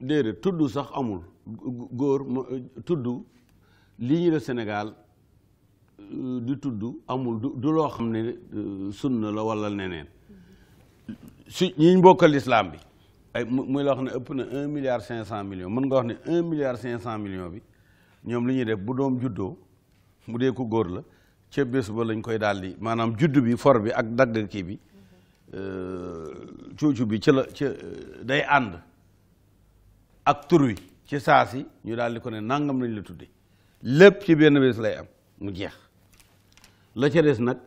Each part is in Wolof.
déedéet tudd sax amul góor tudd lii ñu la Sénégal euh, di tudd amul du loo xam ne euh, sunna la walla neneen su ñi bokkal lislaam bi ay muy la wax ne ëpp na un milliard cinq cent millions mën nga wax ne un milliard cinq cent millions bi ñoom li ñuy def bu doom juddoo mu dee ko góor la ca bés ba lañ koy daal di maanaam judd bi for bi ak dagg kii bi euh, cuucu bi ci la ca day ànd ak turwi ci saa si ñu daal ko ne nangam lañ la tudde lépp ci benn bés lay am mu jeex la ca nag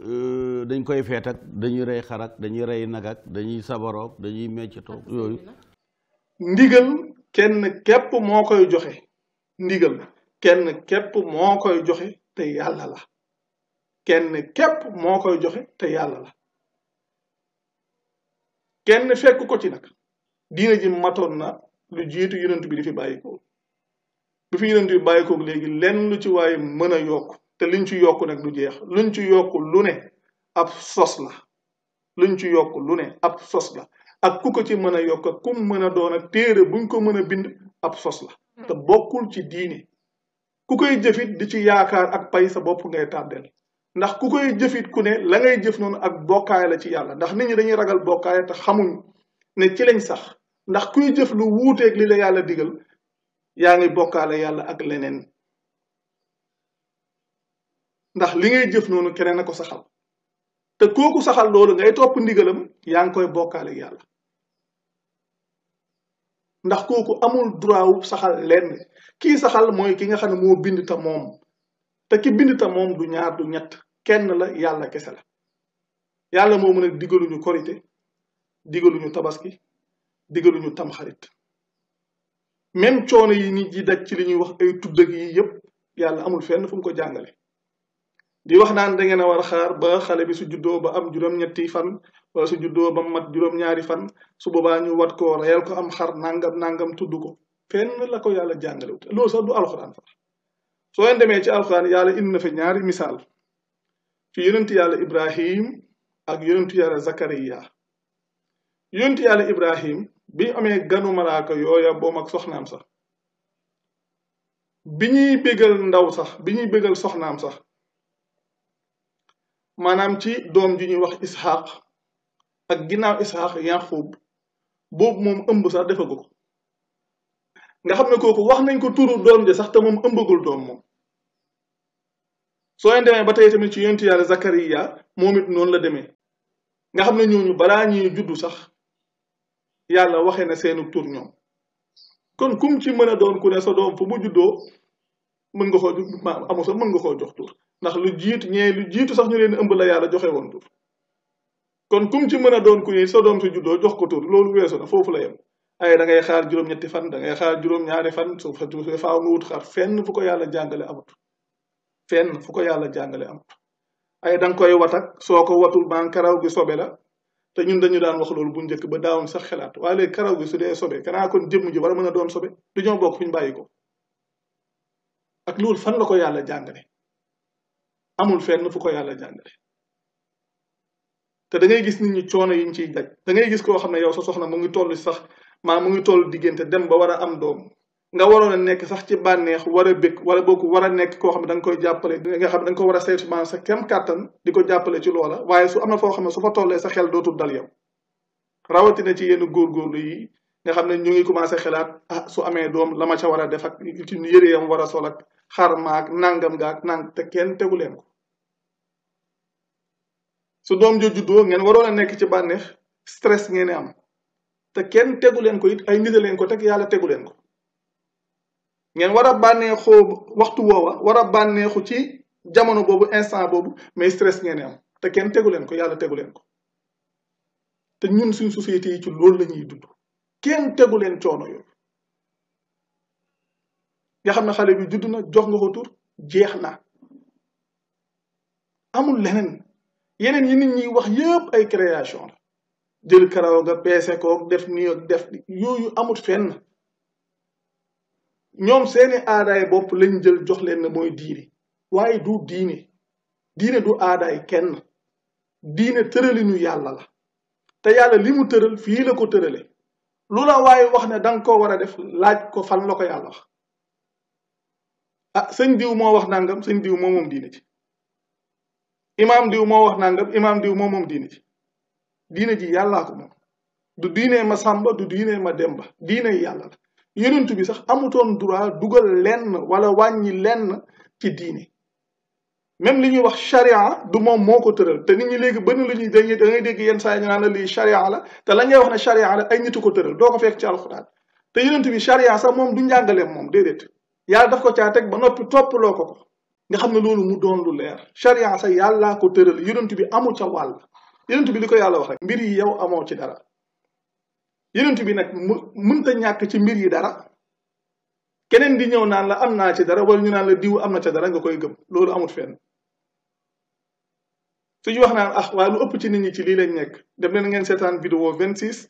euh, dañ koy feet dañuy rey xar dañuy rey nag dañuy sabaroog dañuy meccatoog yooyu ndigal kenn képp moo koy joxe ndigal kenn képp moo koy joxe te yàlla la kenn képp moo koy joxe te yàlla la kenn fekk ko ci nag diina ji matoon na lu jiitu yonent bi di fi bàyyi ko lu fi yonent bi bàyyi léegi lenn lu ci waaye mën a yokk te liñ ci yokk nag du jeex luñ ci yokk lu ne ab sos la luñ ci yokk lu ne ab sos la ak ku ko ci mën a yokk ak kum mën a doon ak téere buñ ko mën a bind ab sos la hmm. te bokkul ci diine ku koy jëfit di ci yaakaar ak pay sa bopp ngay tàddeel ndax ku koy jëfit ku ne la ngay jëf noonu ak bokkaay la ci yàlla ndax nit ñi dañuy ragal bokkaay te xamuñ ne ci lañ sax ndax kuy jëf lu wuuteeg li la yàlla digal yaa ngi bokkaale yàlla ak leneen ndax li ngay jëf noonu keneen a ko saxal te kooku saxal loolu ngay topp ndigalam yaa ngi koy bokkaale yàlla ndax kooku amul droit wu saxal lenn kii saxal mooy ki nga xam ne moo bind ta moom te ki bind ta moom du ñaar du ñett kenn la yàlla kese la yàlla moo mën a digaluñu korité digaluñu tabaski digaluñu tamxarit même coono yi nit yi daj ci li ñuy wax ay tudd yi yëpp yàlla amul fenn fu mu ko jàngale di wax naan da ngeen a war a xaar ba xale bi su juddoo ba am juróom-ñetti fan wala su juddoo ba mat juróom-ñaari fan su boobaa ñu wat ko reyal ko am xar nangam nangam tudd ko fenn la ko yàlla jàngalewut loolu sax du alxuraan fa soo leen ci alxuraan yàlla indi na fa ñaari misaal ci yonent yàlla Ibrahim ak yonent yàlla Zakariya yonti yàlla ibrahim bi amee ganu malaaka yooya boom ak soxnaam sax bi ñuy bégal ndaw sax bi ñuy bégal soxnaam sax maanaam ci doom ji ñuy wax isxaq ak ginnaaw isxaq yaxub boobu moom ëmb sax defagu ko nga xam ne kooku wax nañ ko turu doom ji sax te moom ëmbagul doom moom soo leen ba tey tamit ci yonti yàlla zakariya moom it noonu la demee nga xam ne ñooñu balaa ñuy juddu sax yàlla waxee na seenu tur ñoom kon kum ci mën a doon ku ne sa doom fu mu juddoo mën nga koo ma amoso mën nga koo jox tur ndax lu jiitu ñee lu jiitu sax ñu leen ëmb la yàlla joxe woon tur kon kum ci mën a doon ku ne sa doom juddoo jox ko tur loolu weeso na foofu la yem ay da ngay xaar juróom-ñetti fan da ngay xaar juróom-ñaari fan su faaw nga wut xaar fenn fu ko yàlla jàngale amut fu ko yàlla jàngale amut ay da nga koy watak soo ko watul ban karaw gi sobe la te ñun dañu daan wax loolu bu njëkk ba daawam sax xalaat waaye léegi karaw gi su dee sobe kanaa kon jëmm ji war a mën a doon sobe du ñoo bokk fi ñu bàyyi ko ak loolu fan la ko yàlla jàngale amul fenn fu ko yàlla jàngale te da gis nit ñi coono yi ñu ciy daj da ngay gis koo xam ne yow sa soxna mu ngi toll sax maa mu ngi toll diggante dem ba war a am doom nga waroon a nekk sax ci bànneex war a bëgg wala boo ko war a nekk koo xam ne da nga koy jàppale xam ne da ko war a saytu maanaam di ko jàppale ci loola waaye su am na foo xam su fa tollee sa xel dootul dal rawatina ci yenn góorgóorlu yi nga xam ne ñu ngi commencé xelaat ah su amee doom la ma ca war a def ak ci yëre yam war a sol ak xar maak nangam gaak nang te kenn tegu leen ko su doom jo juddoo ngeen waroon a nekk ci bànneex stress ngeen am te kenn tegu leen ko it ay nit leen ko teg yàlla tegu leen ko ngeen war a bànneexoo waxtu woowa war a bànneexu ci jamono boobu instant boobu mais stress ngeen am te kenn tegu leen ko yàlla tegu leen ko te ñun suñ société yi ci loolu la ñuy dund kenn tegu leen coono yooyu nga xam ne xale bi judd na jox nga ko jeex na amul leneen yeneen yi nit ñuy wax yëpp ay création la jël karaw ga peese ko def nii def yooyu amul fenn ñoom seeni aadaay bopp lañ jël jox leen ne mooy diine waaye du diine diine du aadaay kenn diine tëraliñu yàlla la te yàlla li mu tëral fii la ko tërale lu la waaye wax ne danga koo war a def laaj ko fan la ko yàlla wax ah sëñ diw moo wax nangam sëñ diw moo moom diine ci imaam diw moo wax nangam imaam diw moo moom diine ci diine ji yàllaa ko moom du diine ma samba du diine ma demba diine yàlla la yonent bi sax amutoon droit dugal leen wala wàññi lenn ci diine même li ñuy wax charia du moom moo ko tëral te nit ñu léegi bëri la ñuy dañuy da ngay dégg yenn saa yi ñu naan la lii charia la te la ngay wax ne charia la ay nitu ko tëral doo ko fekk ci alxuraan te yonent bi charia sax moom du njàngaleem moom déedéet yàlla daf ko caa teg ba noppi toppaloo ko ko nga xam ne loolu mu doon lu leer charia sax yàllaa ko tëral yonent bi amu ca wàll yonent bi li ko yàlla wax mbir yi yow amoo ci dara yenent bi nag mu mënta ñàkk ci mbir yi dara keneen di ñëw naan la am naa ci dara wala ñu naan la diw am na ca dara nga koy gëm loolu amut fenn suñu wax naan ah waaye lu ëpp ci nit ñi ci lii lañ nekk dem leen ngeen seetaan vidéo 26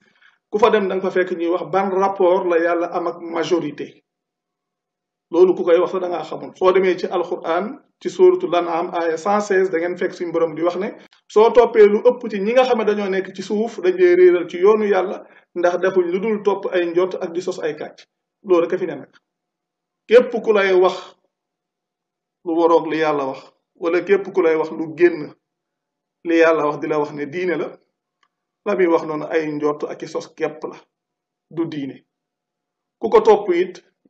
ku fa dem da nga fa fekk ñuy wax ban rapport la yàlla am ak majorité loolu ku koy wax sax da nga xamul so demee ci alquran ci suratul lanam aya 116 da ngeen fekk suñu borom di wax ne so topé lu ëpp ci ñi nga xamé ne dañoo nekk ci suuf dañ lay réeral ci yoonu yalla ndax defuñ lu dul topp ay njott ak di sos ay katch loolu ka fi ne nak képp ku lay wax lu worok li yalla wax wala képp ku lay wax lu génn li yalla wax dila wax ne diine la la wax non ay njott ak sos képp la du diine kuko top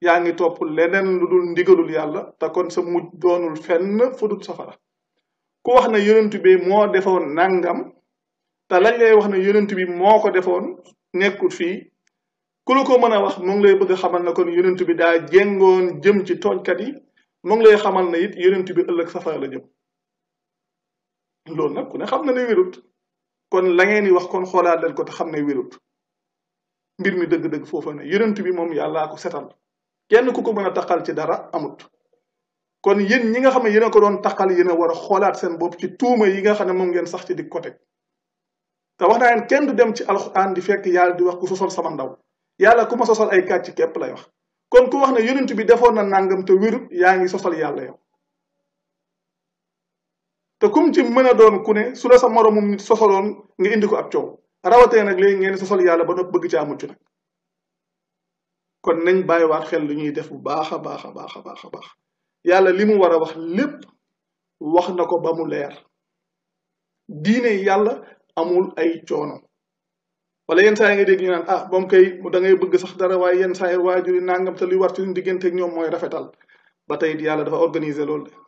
yaa ngi topp leneen lu dul ndigalul yàlla te kon sa mujj doonul fenn fu dul safara ku wax ne yonent bi moo defoon nangam te lañ lay wax ne yonent bi moo ko defoon nekkul fii ku la ko mën a wax mu lay bëgg a xamal ne kon yonent bi daa jéngoon jëm ci tooñkat yi mu ngi lay xamal ne it yeneen bi ëllëg safara la jëm loolu nag ku ne xam na ne wirut kon la ngeen di wax kon xoolaat leen ko te xam ne wérut mbir mi dëgg-dëgg foofa na yonent bi moom yàllaa ko setal kenn ku ko mën a taqal ci dara amut kon yéen ñi nga xam ne yéen ko doon taqal yéen a war a xoolaat seen bopp ci tuuma yi nga xam ne moom ngeen sax ci di ko te wax naa leen kenn du dem ci alxuraan di fekk yàlla di wax ku sosol sama ndaw yàlla ku ma sosol ay kàcc kepp lay wax kon ku wax ne yonent bi defoon na nangam te wérut yaa ngi sosol yàlla yow te kum ci mën a doon ku ne su la sa moromum nit sosoloon nga indi ko ab coow rawatee nag léegi ngeen sosol yàlla ba noppi bëgg caa mucc nag kon nañ bàyyiwaat xel lu ñuy def bu baax a baax a baax a baax a baax yàlla li mu war a wax lépp wax na ko ba mu leer diine yàlla amul ay coono wala yenn saa yi nga dégg ñu naan ah moom kay da ngay bëgg sax dara waaye yenn saa yi waajur yi nangam te li war ci diggante ñoom mooy rafetal ba tey yàlla dafa organiser loolu de